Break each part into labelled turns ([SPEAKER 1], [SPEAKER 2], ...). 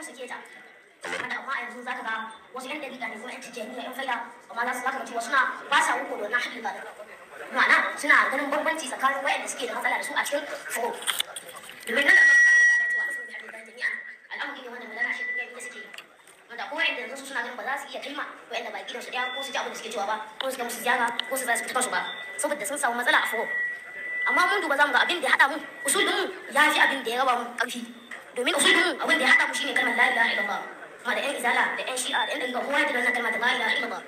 [SPEAKER 1] musu je ta wanda amma wasu yan dariƙa ne ko yan tijjaniya yan faida amma za da ma'ana suna ganin bambanci tsakanin wayanda suke da matsala da su a cikin domin nan da da yanzu suna ba za su iya kai ma wayanda ba gidansu ɗaya ko su ji da suke cewa ba ko su musu ziyara ko su za su saboda sun samu matsala a amma mun duba za mu ga abin da ya haɗa mu ya fi abin da ya raba mu ƙarfi domin usulun abin da ya haɗa mu shine kalmar la ilaha illallah kuma da yan izala da yan shi'a da yan dalila kowa da wannan kalmar da la ilaha illallah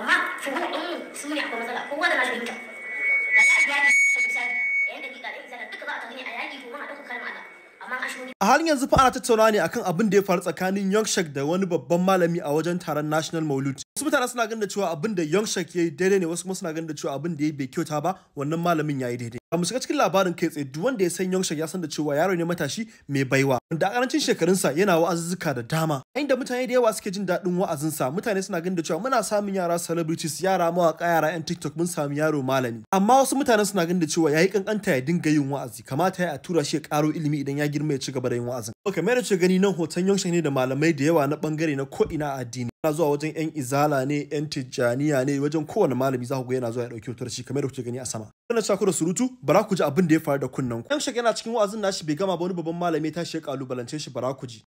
[SPEAKER 1] amma fuhu din su ne akwai matsala kowa da nashi hujja da la ilaha illallah yan dalila da yan izala duka za a tafi ne a yaki domin a ɗauka kalmar Allah
[SPEAKER 2] A halin yanzu fa ana tattauna ne akan abin da ya faru tsakanin Yongshak da wani babban malami a wajen taron National Maulud. Wasu mutane suna ganin da cewa abin da Yongshak ya yi daidai ne wasu kuma suna ganin da cewa abin da ya bai kyauta ba wannan malamin ya yi daidai. A mu shiga cikin labarin kai tsaye duk wanda ya san Yongshan ya san da cewa yaro ne matashi mai baiwa wanda karancin karancin shekarunsa yana wa'azuzzuka da dama. Inda mutane da yawa suke jin daɗin wa'azinsa mutane suna ganin da cewa muna samun yara celebrities yara mawaƙa yara 'yan TikTok mun samu yaro malami. Amma wasu mutane suna ganin da cewa yayi kankanta ya dinga yin wa'azi kamata ya tura shi ya ƙaro ilimi idan ya girma ya ci gaba da yin wa'azin. kamar ce gani nan hoton yaushe ne da malamai da yawa na bangare na ko'ina addini yana zuwa wajen yan izala ne yan tijjaniya ne wajen kowane malami za ku ga yana zuwa ya ɗauki wutar shi kamar da kuke gani a sama kana cewa ku da surutu bara ku ji abin da ya faru da kunnan ku yaushe yana cikin wa'azin nashi bai gama ba wani babban malami ta shi ya kalubalance shi bara ku ji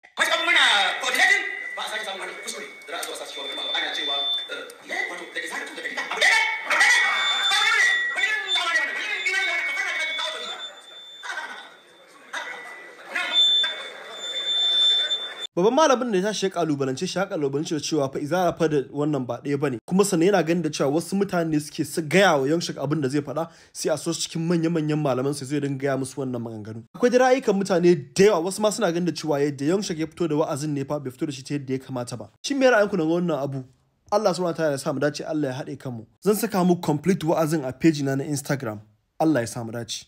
[SPEAKER 2] babban malamin da ya tashi ya kalubalance shi ya kalubalance da cewa fa izara fa da wannan ba ɗaya bane kuma sannan yana ganin da cewa wasu mutane suke su gaya wa yanshi abin da zai faɗa sai a so cikin manya-manyan malaman su zai dinga gaya musu wannan maganganu akwai da ra'ayikan mutane da yawa wasu ma suna ganin da cewa yadda yanshi ya fito da wa'azin ne fa bai fito da shi ta yadda ya kamata ba shin me ra'ayinku na wannan abu Allah subhanahu wataala ya sa mu dace Allah ya haɗe kanmu zan saka muku complete wa'azin a page na na Instagram Allah ya sa mu dace